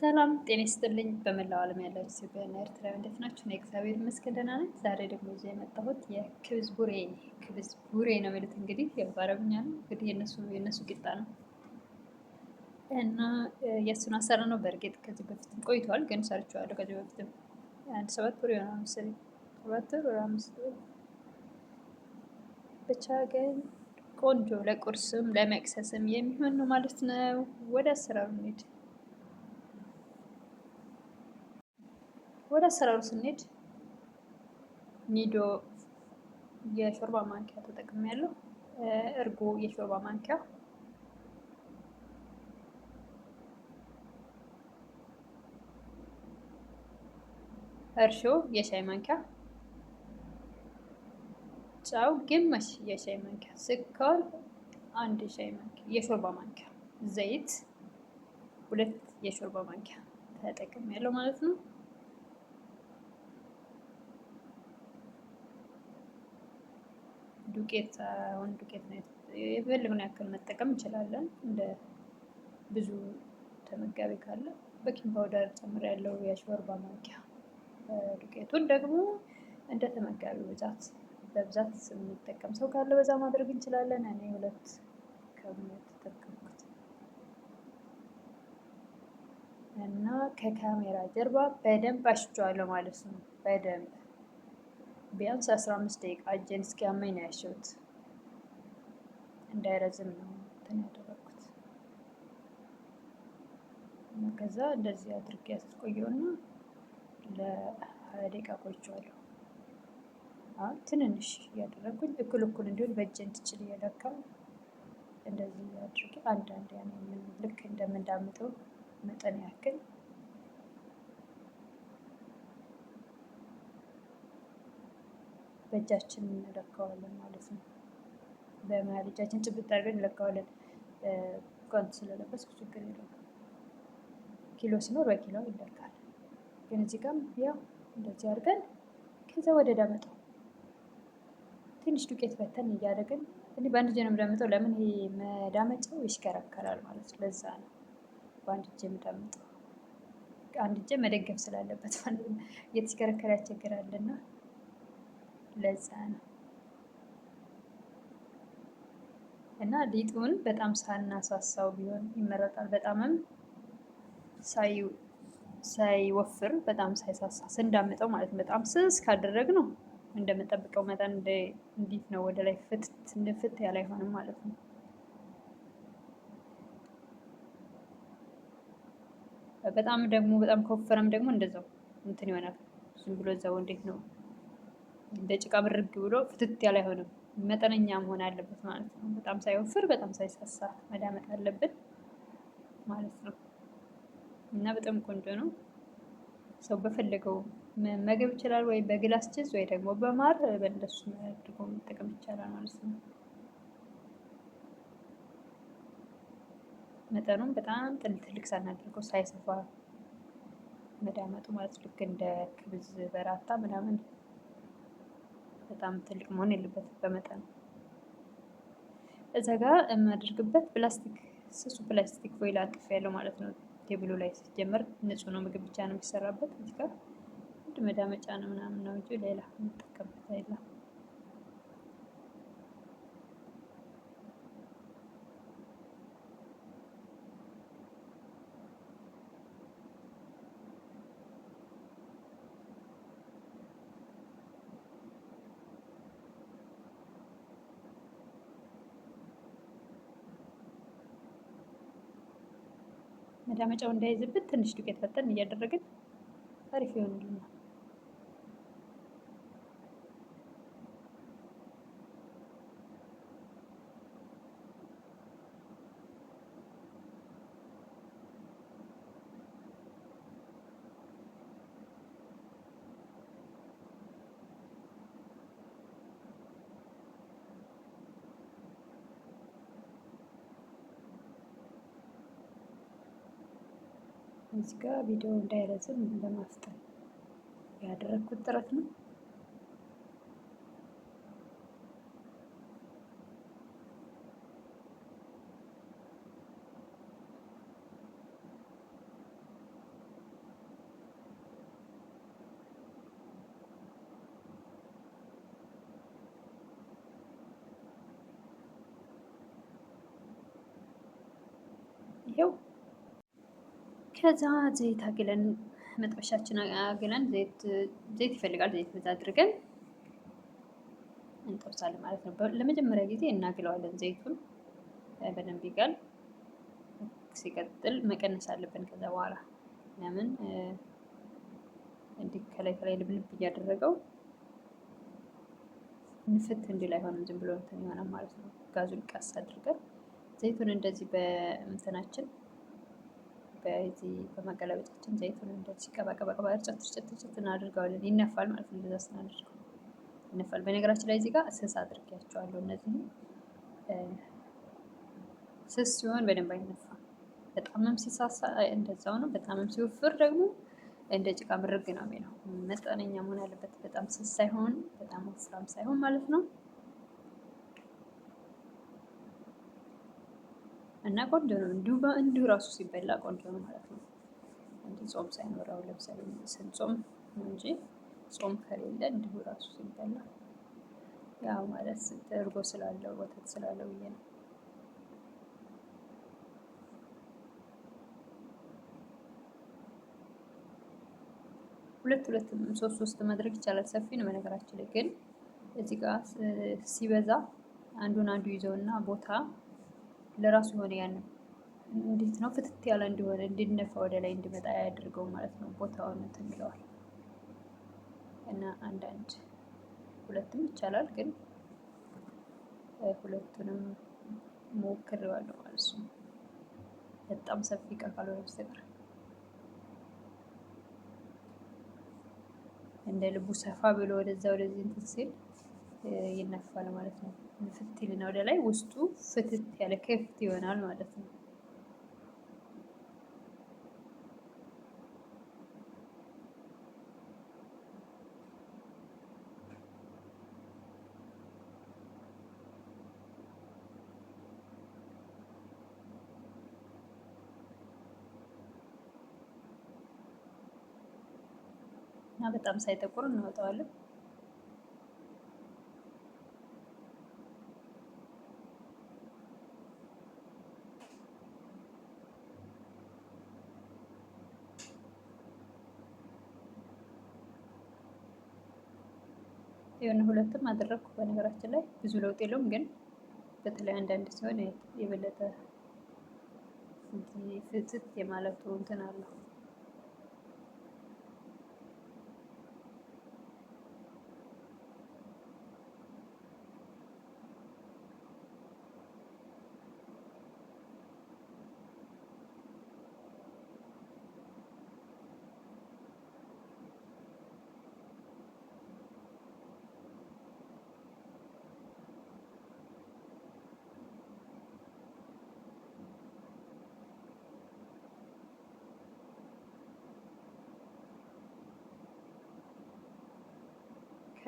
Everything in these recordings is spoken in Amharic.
ሰላም ጤና ይስጥልኝ። በመላው ዓለም ያላችሁ ኢትዮጵያና ኤርትራዊ እንዴት ናችሁ? እኔ እግዚአብሔር ይመስገን ደህና ነኝ። ዛሬ ደግሞ ይዤ የመጣሁት የክብዝ ቡሬ ክብዝ ቡሬ ነው የሚሉት እንግዲህ በአረብኛ ነው እንግዲህ የነሱ የነሱ ቂጣ ነው እና የእሱን አሰራ ነው። በእርግጥ ከዚህ በፊትም ቆይተዋል፣ ግን ሰርቼዋለሁ። ከዚህ በፊትም አንድ ሰባት ብር የሆነ መሰለኝ ሰባት ብር አምስት ብር ብቻ ግን ቆንጆ ለቁርስም ለመቅሰስም የሚሆን ነው ማለት ነው። ወደ አሰራሩ እንሂድ። ወደ አሰራሩ ስንሄድ ኒዶ የሾርባ ማንኪያ ተጠቅሜ ያለው እርጎ የሾርባ ማንኪያ እርሾ የሻይ ማንኪያ፣ ጨው ግማሽ የሻይ ማንኪያ፣ ስኳር አንድ የሻይ ማንኪያ የሾርባ ማንኪያ፣ ዘይት ሁለት የሾርባ ማንኪያ ተጠቅሜ ያለው ማለት ነው። ዱቄት አሁን ዱቄት ነው የፈለግነው ያክል መጠቀም እንችላለን። እንደ ብዙ ተመጋቢ ካለ ቤኪንግ ፓውደር ጨምር ያለው የሾርባ ማንኪያ ዱቄቱን ደግሞ እንደ ተመጋቢ ብዛት በብዛት የሚጠቀም ሰው ካለ በዛ ማድረግ እንችላለን። እኔ ሁለት ከሁለት ተጠቀምኩት እና ከካሜራ ጀርባ በደንብ አሽቸዋለሁ ማለት ነው በደንብ ቢያንስ 15 ደቂቃ እጄን እስኪያመኝ ነው ያሸሁት። እንዳይረዝም ነው እንትን ያደረኩት። ከዛ እንደዚህ አድርጌ ያስቆየውና ለሀያ ደቂቃ ቆይቼዋለሁ። አሁን ትንንሽ እያደረግኩኝ እኩል እኩል እንዲሆን በእጄ እንድችል እየለካው እንደዚህ አድርጌ አንዳንድ ያንን ልክ እንደምንዳምጠው መጠን ያክል በእጃችን እንለካዋለን ማለት ነው። በመሀል እጃችን ጭብጥ አድርገን እንለካዋለን። ጓንት ስለለበስኩ ችግር የለውም። ኪሎ ሲኖር በኪሎ ይለካል። ግን እዚህ ጋም ያው እንደዚህ አድርገን ከዛ ወደ ዳመጠው ትንሽ ዱቄት በተን እያደረግን እንዲህ በአንድ እጄ ነው የምዳመጠው ለምን ይሄ መዳመጫው ይሽከረከራል ማለት ነው። ለዛ ነው በአንድ እጄ የምዳመጠው አንድ እጄ መደገፍ ስላለበት ማለት ነው። እየተሽከረከረ ያስቸግራልና ለዛ ነው። እና ሊጡን በጣም ሳናሳሳው ቢሆን ይመረጣል። በጣምም ሳይወፍር በጣም ሳይሳሳ ስንዳምጠው ማለት ነው። በጣም ስስ ካደረግ ነው እንደምንጠብቀው መጠን እንዴት ነው ወደ ላይ ፍትት እንድፍት ያለ አይሆንም ማለት ነው። በጣም ደግሞ በጣም ከወፈረም ደግሞ እንደዛው እንትን ይሆናል። ዝም ብሎ እዛው እንዴት ነው እንደ ጭቃ ብርግ ብሎ ፍትት ያለ አይሆንም። መጠነኛ መሆን አለበት ማለት ነው። በጣም ሳይወፍር በጣም ሳይሳሳ መዳመጥ አለበት ማለት ነው። እና በጣም ቆንጆ ነው። ሰው በፈለገው መመገብ ይችላል። ወይ በግላስ ችዝ ወይ ደግሞ በማር በእንደሱ አድርጎ መጠቀም ይቻላል ማለት ነው። መጠኑም በጣም ትልቅ ሳናደርገው ሳይሰፋ መዳመጡ ማለት ልክ እንደ ክብዝ በራታ ምናምን በጣም ትልቅ መሆን የለበትም በመጠኑ። እዛ ጋ የማደርግበት ፕላስቲክ ስሱ ፕላስቲክ ፎይል አቅፍ ያለው ማለት ነው። ቴብሉ ላይ ሲጀመር ንጹህ ነው፣ ምግብ ብቻ ነው የሚሰራበት። እዚህ ጋር አንድ መዳመጫ ነው ምናምን ነው እንጂ ሌላ የምጠቀምበት አይደለም። መዳመጫው እንዳይዝብን ትንሽ ዱቄት ፈጠን እያደረግን አሪፍ ይሆንልናል። እዚህ ጋር ቪዲዮ እንዳይረዝም ለማፍጠን ያደረግኩት ጥረት ነው። ይኸው ከዛ ዘይት አግለን መጥበሻችን አግለን ዘይት ይፈልጋል። ዘይት በዛ አድርገን እንጠብሳለን ማለት ነው። ለመጀመሪያ ጊዜ እናግለዋለን። ዘይቱን በደንብ ይጋል። ሲቀጥል መቀነስ አለብን። ከዛ በኋላ ለምን እንዲህ ከላይ ከላይ ልብልብ እያደረገው ንፍት እንዲል አይሆንም። ዝም ብሎ እንትን ይሆናል ማለት ነው። ጋዙን ቀስ አድርገን ዘይቱን እንደዚህ በእንትናችን በዚህ በማገላበጫችን ዘይቱን እንደዚህ ቀባቀባቀባ እርጨት እርጨት እርጨት እናድርገዋለን። ይነፋል ማለት ነው። እንደዛ ስናደርገው ይነፋል። በነገራችን ላይ እዚህ ጋር ስስ አድርጊያቸዋለሁ። እነዚህ ስስ ሲሆን በደንብ አይነፋም። በጣምም ሲሳሳ እንደዛው ነው። በጣምም ሲወፍር ደግሞ እንደ ጭቃ ምርግ ነው የሚለው። መጠነኛ መሆን ያለበት በጣም ስስ ሳይሆን በጣም ወፍራም ሳይሆን ማለት ነው። እና ቆንጆ ነው። እንዲሁ እንዲሁ ራሱ ሲበላ ቆንጆ ነው ማለት ነው። እንዲ ጾም ሳይኖረው ለምሳሌ ስንጾም እንጂ ጾም ከሌለ እንዲሁ ራሱ ሲበላ ያው ማለት እርጎ ስላለው ወተት ስላለው ብዬ ነው። ሁለት ሁለት ሶስት ሶስት ማድረግ ይቻላል። ሰፊ ነው በነገራችን ላይ ግን እዚህ ጋር ሲበዛ አንዱን አንዱ ይዘውና ቦታ ለራሱ የሆነ ያን እንዴት ነው ፍትት ያለ እንዲሆነ እንዲነፋ ወደ ላይ እንዲመጣ ያደርገው ማለት ነው። ቦታውን እንትን ይለዋል እና አንዳንድ ሁለትም ይቻላል ግን ሁለቱንም ሞክሬዋለሁ ማለት ነው። በጣም ሰፊ እቃ ካልሆነ በስተቀር እንደ ልቡ ሰፋ ብሎ ወደዛ ወደዚህ እንትን ሲል ይነፋል ማለት ነው። ፍት ይልና ወደ ላይ ውስጡ ፍትት ያለ ክፍት ይሆናል ማለት ነው። እና በጣም ሳይጠቁር እናወጣዋለን። ሁለትም አደረግኩ። በነገራችን ላይ ብዙ ለውጥ የለውም፣ ግን በተለይ አንዳንድ ሲሆን የበለጠ ፍትት የማለቱ እንትን አለው።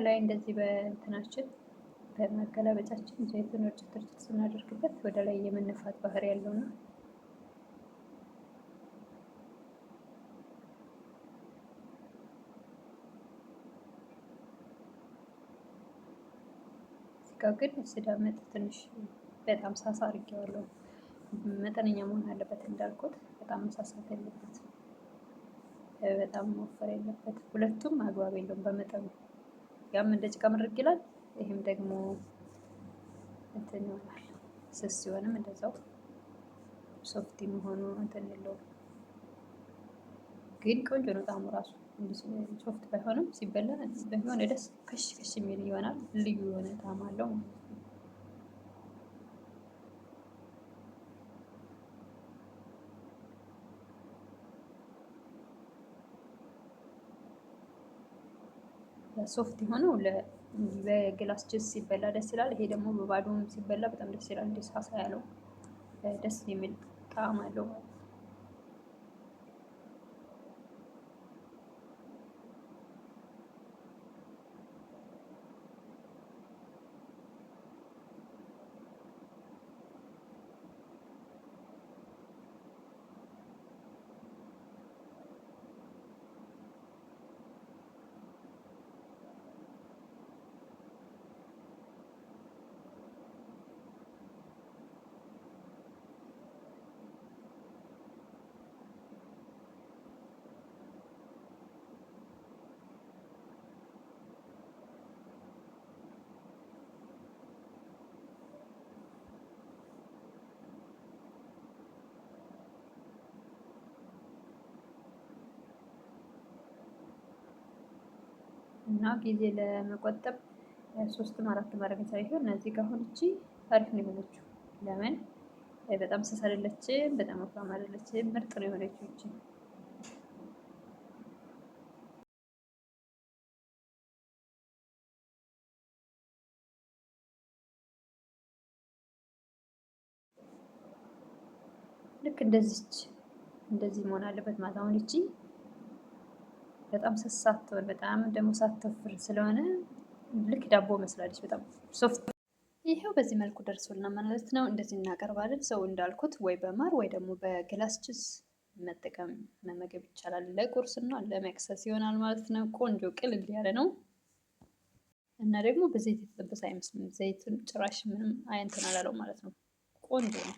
ከላይ እንደዚህ በእንትናችን በማገላበጫችን ዘይቱን እርጭት እርጭት ስናደርግበት ወደ ላይ የመነፋት ባህሪ ያለው ነው። ስጋ ግን ስዳመጥ ትንሽ በጣም ሳሳ አድርጌዋለሁ። መጠነኛ መሆን አለበት እንዳልኩት፣ በጣም መሳሳት ያለበት፣ በጣም መወፈር ያለበት፣ ሁለቱም አግባብ የለውም በመጠኑ ያም እንደ ጭቃ ምርቅ ይላል። ይህም ደግሞ እንትን ይሆናል። ስስ ሲሆንም እንደዛው ሶፍቲ መሆኑ እንትን የለውም። ግን ቆንጆ ነው ጣዕሙ ራሱ ሶፍት ባይሆንም ሲበላ በሆነ ደስ ከሽ ከሽ የሚል ይሆናል። ልዩ የሆነ ጣዕም አለው ማለት ነው። ሶፍት የሆነው በግላስ ጅስ ሲበላ ደስ ይላል። ይሄ ደግሞ በባዶም ሲበላ በጣም ደስ ይላል። እንደ ሳሳ ያለው ደስ የሚል ጣዕም አለው። እና ጊዜ ለመቆጠብ ሶስትም አራት ማድረግ ሳይሆን እነዚህ ጋር ሆንቺ አሪፍ ነው የሆነችው። ለምን በጣም ስስ አይደለችም፣ በጣም ወፍራም አይደለችም። ምርጥ ነው የሆነችው እቺ ልክ እንደዚች እንደዚህ መሆን አለበት ማለት አሁን እቺ በጣም ሳትሆን በጣም ደግሞ ሳትወፍር ስለሆነ ልክ ዳቦ መስላለች። በጣም ሶፍት። ይሄው በዚህ መልኩ ደርሶልና ማለት ነው። እንደዚህ እናቀርባለን። ሰው እንዳልኩት ወይ በማር ወይ ደግሞ በግላስ ጁስ መጠቀም መመገብ ይቻላል። ለቁርስና ለመክሰስ ይሆናል ማለት ነው። ቆንጆ ቅልል ያለ ነው እና ደግሞ በዘይት የተጠበሰ አይመስልም። ዘይቱን ጭራሽ ምንም አይንትን አላለው ማለት ነው። ቆንጆ ነው።